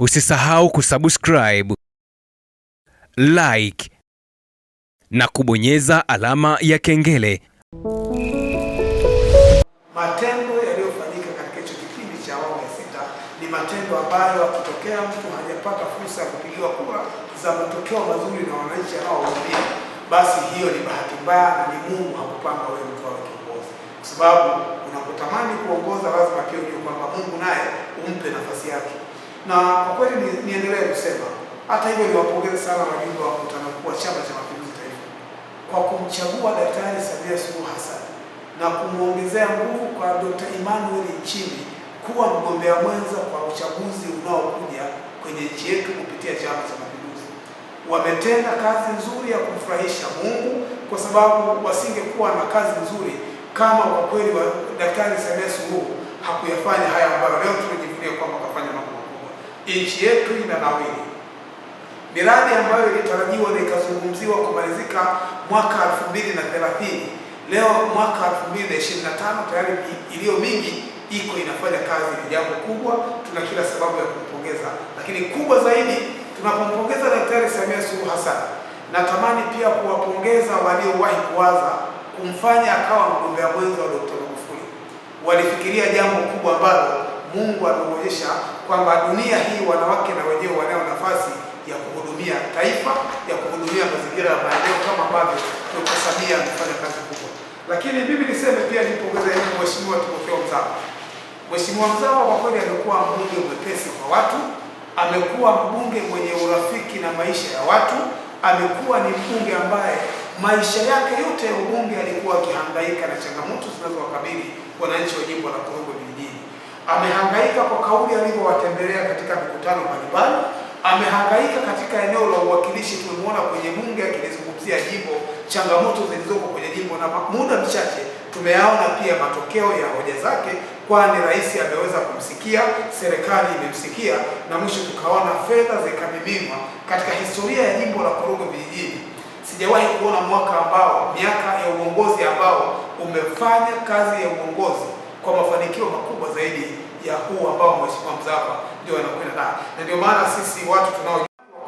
Usisahau kusubscribe, like na kubonyeza alama ya kengele. Matendo yaliyofanyika katika hicho kipindi cha awamu ya sita ni matendo ambayo akitokea mtu hajapata fursa ya kupigiwa kura za matokeo mazuri na wananchi anaowaambia, basi hiyo ni bahati mbaya na ni Mungu hakupanga wewe mtu awe kiongozi, kwa sababu unapotamani kuongoza lazima pia ujue kwamba Mungu naye umpe nafasi yake na kwa kweli niendelee kusema hata hivyo, niwapongeze sana wajumbe wa mkutano mkuu wa Chama cha Mapinduzi Taifa kwa kumchagua Daktari Samia Suluhu Hassan na kumwongezea nguvu kwa Dkt. Emmanuel Nchimbi kuwa mgombea mwenza kwa uchaguzi unaokuja kwenye nchi yetu kupitia Chama cha Mapinduzi. Wametenda kazi nzuri ya kumfurahisha Mungu kwa sababu wasingekuwa na kazi nzuri kama kwa kweli Daktari Samia Suluhu hakuyafanya haya ambayo leo tunajivunia kwamba kafanya makubwa nchi yetu nawili Miradi ambayo ilitarajiwa na ikazungumziwa kumalizika mwaka 2030 leo mwaka 2025 tayari iliyo mingi iko inafanya kazi. Ni jambo kubwa, tuna kila sababu ya kumpongeza, lakini kubwa zaidi tunapompongeza Daktari Samia Suluhu Hassan, natamani pia kuwapongeza waliowahi kuwaza kumfanya akawa mgombea mwenza wa Dkt. Magufuli. Walifikiria jambo kubwa ambalo Mungu anaonyesha kwamba dunia hii wanawake na wenyewe wanayo nafasi ya kuhudumia taifa, ya kuhudumia mazingira ya maendeleo kama ambavyo Dkt. Samia amefanya kazi kubwa. Lakini mimi niseme pia nimpongeze Mheshimiwa Timotheo Mzao. Mheshimiwa Mzao kwa kweli amekuwa mbunge mwepesi kwa watu, amekuwa mbunge mwenye urafiki na maisha ya watu, amekuwa ni mbunge ambaye maisha yake yote ya ubunge alikuwa akihangaika na changamoto zinazowakabili wananchi wa jimbo la Korogwe vijijini amehangaika kwa kauli alivyowatembelea katika mikutano mbalimbali, amehangaika katika eneo la uwakilishi. Tumemwona kwenye bunge akilizungumzia jimbo, changamoto zilizoko kwenye jimbo, na muda mchache tumeyaona pia matokeo ya hoja zake, kwani rais ameweza kumsikia, serikali imemsikia, na mwisho tukaona fedha zikamiminwa Katika historia ya jimbo la Korogwe Vijijini sijawahi kuona mwaka ambao, miaka ya uongozi ambao umefanya kazi ya uongozi kwa mafanikio makubwa zaidi ya huu ambao Mheshimiwa Mzava ndio anakwenda nayo, na ndio maana sisi watu tunao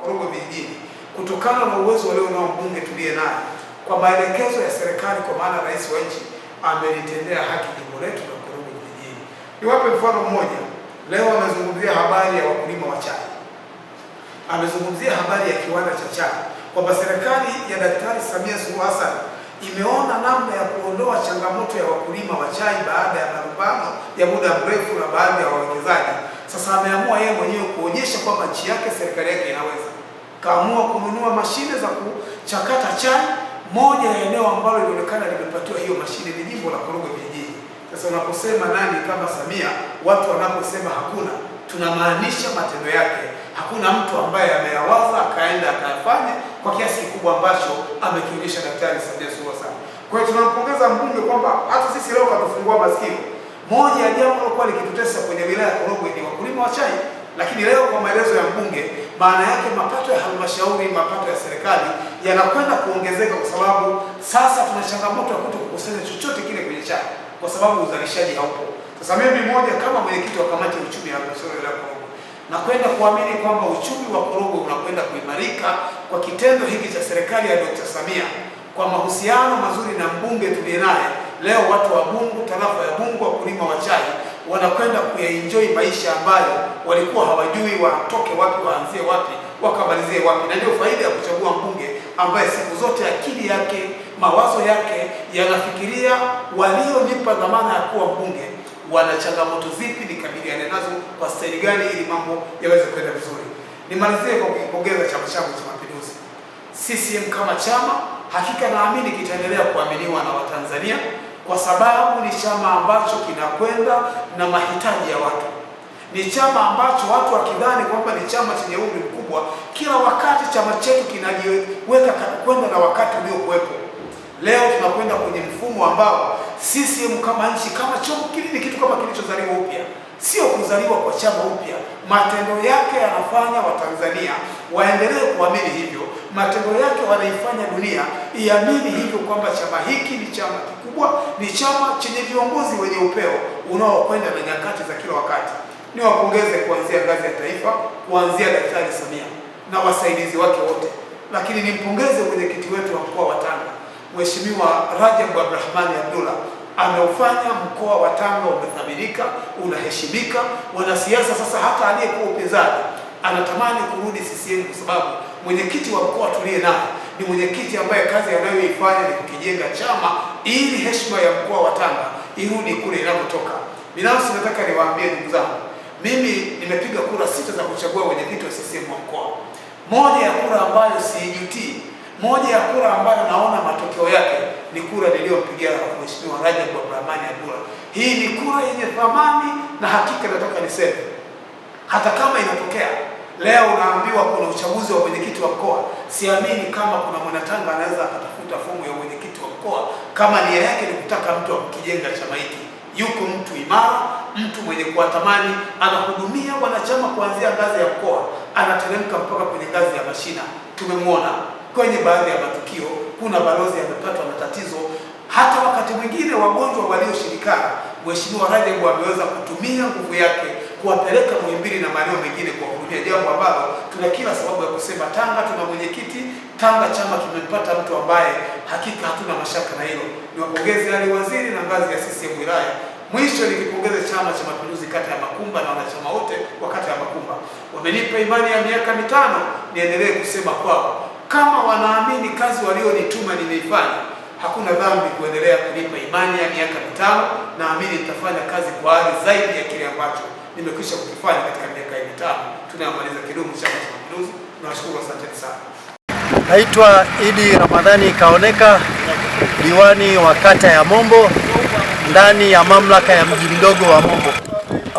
Korogwe vijijini, kutokana na uwezo walionao mbunge tuliye naye, kwa maelekezo ya serikali, kwa maana rais wa nchi amelitendea haki jimbo letu la Korogwe vijijini. Niwape mfano mmoja. Leo amezungumzia habari ya wakulima wa chai, amezungumzia habari ya kiwanda cha chai, kwamba serikali ya Daktari Samia Suluhu Hassan imeona namna ya kuondoa changamoto ya wakulima wa chai baada ya malumbano ya muda mrefu na baadhi ya wawekezaji. Sasa ameamua yeye mwenyewe kuonyesha kwamba nchi yake, serikali yake inaweza. Kaamua kununua mashine za kuchakata chai. Moja ya eneo ambalo ilionekana limepatiwa hiyo mashine ni jimbo la Korogwe Vijijini. Sasa unaposema nani kama Samia, watu wanaposema hakuna, tunamaanisha matendo yake. Hakuna mtu ambaye ameyawaza akaenda akayafanya kwa kiasi kikubwa ambacho amekionyesha Daktari Samia Suluhu Hassan. Kwa hiyo tunampongeza mbunge kwamba hata sisi leo katufungua masikio. Moja ya jambo lilokuwa likitutesa kwenye wilaya ya Korogwe ni wakulima wa chai, lakini leo kwa maelezo ya mbunge, maana yake mapato ya halmashauri, mapato ya serikali yanakwenda kuongezeka, kwa sababu sasa tuna changamoto ya kuto kukusanya chochote kile kwenye chai kwa sababu uzalishaji haupo. Sasa mimi moja kama mwenyekiti wa kamati ya uchumi ya halmashauri na kwenda kuamini kwamba uchumi wa Korogwe unakwenda kuimarika kwa kitendo hiki cha serikali ya Dr. Samia kwa mahusiano mazuri na mbunge tuliye naye leo. Watu wa Bungu, tarafa ya Bungu, wakulima wa chai wanakwenda kuyaenjoy maisha ambayo walikuwa hawajui watoke wapi, waanzie wapi, wakamalizie wapi. Na ndio faida ya kuchagua mbunge ambaye siku zote akili yake, mawazo yake yanafikiria walionipa dhamana ya kuwa mbunge wana changamoto zipi, nikabiliane nazo kwa staili gani, ili mambo yaweze kwenda vizuri. Nimalizie kwa kukipongeza chama changu cha Mapinduzi, CCM kama chama. Hakika naamini kitaendelea kuaminiwa na Watanzania kwa sababu ni chama ambacho kinakwenda na mahitaji ya watu. Ni chama ambacho watu wakidhani kwamba ni chama chenye umri mkubwa, kila wakati chama chetu kinajiweka kwenda na wakati uliokuwepo. Leo tunakwenda kwenye mfumo ambao CCM kama nchi kama chombo kili ni kitu kama kilichozaliwa upya, sio kuzaliwa kwa chama upya. Matendo yake yanafanya Watanzania waendelee kuamini hivyo, matendo yake wanaifanya dunia iamini hivyo, kwamba chama hiki ni chama kikubwa, ni chama chenye viongozi wenye upeo unaokwenda na nyakati za kila wakati. Niwapongeze kuanzia ngazi ya taifa, kuanzia Daktari Samia na wasaidizi wake wote, lakini nimpongeze mwenyekiti wetu wa mkoa Mheshimiwa Rajabu Abdrahmani Abdullah ameufanya mkoa wa Tanga umethamirika, unaheshimika. Wanasiasa sasa, hata aliyekuwa upinzani anatamani kurudi CCM kwa sababu mwenyekiti wa mkoa tuliye naye ni mwenyekiti ambaye kazi anayoifanya ni kukijenga chama ili heshima ya mkoa wa Tanga irudi kule inapotoka. Binafsi nataka niwaambie ndugu zangu, mimi nimepiga kura sita za kuchagua mwenyekiti wa CCM wa mkoa. Moja ya kura ambayo siijutii moja ya kura ambayo naona matokeo yake ni kura niliyompigia Mheshimiwa Rajab Abdrahmani Abdullah. Hii ni kura yenye thamani na hakika, nataka niseme hata kama inatokea leo unaambiwa kuna uchaguzi wa mwenyekiti wa mkoa, siamini kama kuna mwanatanga anaweza akatafuta fomu ya mwenyekiti wa mkoa kama nia yake ni kutaka mtu akijenga chama hiki. Yuko mtu imara, mtu mwenye kuwatamani, anahudumia wanachama kuanzia ngazi ya mkoa, anateremka mpaka kwenye ngazi ya mashina. Tumemwona. Kwenye baadhi ya matukio kuna balozi amepatwa na tatizo, hata wakati mwingine wagonjwa walioshirikana, Mheshimiwa Rajabu ameweza kutumia nguvu yake kuwapeleka Muhimbili na maeneo mengine kuwahudumia, jambo ambalo tuna kila sababu ya kusema Tanga tuna mwenyekiti Tanga chama kimepata mtu ambaye hakika hatuna mashaka na hilo. Niwapongeze ali waziri na ngazi ya CCM wilaya. Mwisho nikipongeze Chama cha Mapinduzi kata ya Makumba na wanachama wote wa kata ya Makumba, wamenipa imani ya miaka mitano, niendelee kusema kwao kama wanaamini kazi walionituma nimeifanya, hakuna dhambi kuendelea kunipa imani ya miaka mitano. Naamini nitafanya kazi kwa hali zaidi ya kile ambacho nimekwisha kukifanya katika miaka hii mitano tunayomaliza kidumu cha mapinduzi. Nawashukuru, asanteni sana. Naitwa Idi Ramadhani Kaoneka, diwani wa kata ya Mombo ndani ya mamlaka ya mji mdogo wa Mombo.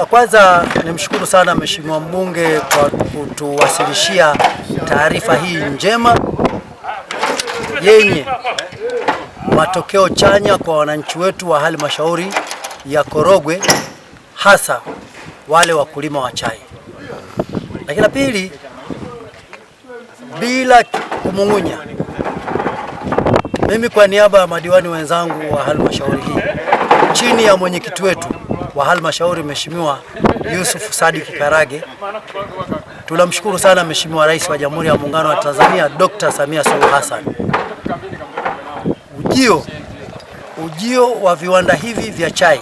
Kwanza nimshukuru sana Mheshimiwa mbunge kwa kutuwasilishia taarifa hii njema yenye matokeo chanya kwa wananchi wetu wa halmashauri ya Korogwe, hasa wale wakulima wa chai. Lakini la pili, bila kumung'unya, mimi kwa niaba ya madiwani wenzangu wa halmashauri hii chini ya mwenyekiti wetu wa halmashauri Mheshimiwa Yusuf Sadik Karage, tunamshukuru sana Mheshimiwa Rais wa Jamhuri ya Muungano wa Tanzania Dr. Samia Suluhu Hassan ujio ujio wa viwanda hivi vya chai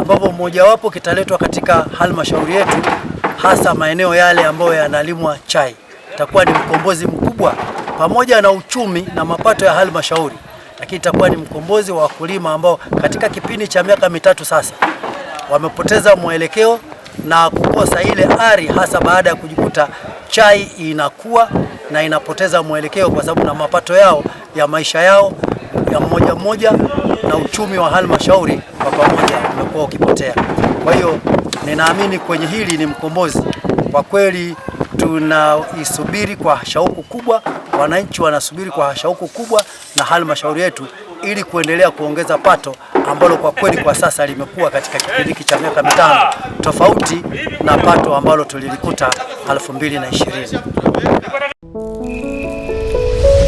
ambapo mmojawapo kitaletwa katika halmashauri yetu, hasa maeneo yale ambayo yanalimwa chai, itakuwa ni mkombozi mkubwa pamoja na uchumi na mapato ya halmashauri, lakini itakuwa ni mkombozi wa wakulima ambao katika kipindi cha miaka mitatu sasa wamepoteza mwelekeo na kukosa ile ari, hasa baada ya kujikuta chai inakuwa na inapoteza mwelekeo, kwa sababu na mapato yao ya maisha yao ya mmoja mmoja na uchumi wa halmashauri kwa pamoja umekuwa ukipotea. Kwa hiyo ninaamini kwenye hili ni mkombozi kwa kweli, tunaisubiri kwa shauku kubwa, wananchi wanasubiri kwa shauku kubwa na halmashauri yetu ili kuendelea kuongeza pato ambalo kwa kweli kwa sasa limekuwa katika kipindi hiki cha miaka mitano tofauti na pato ambalo tulilikuta 2020.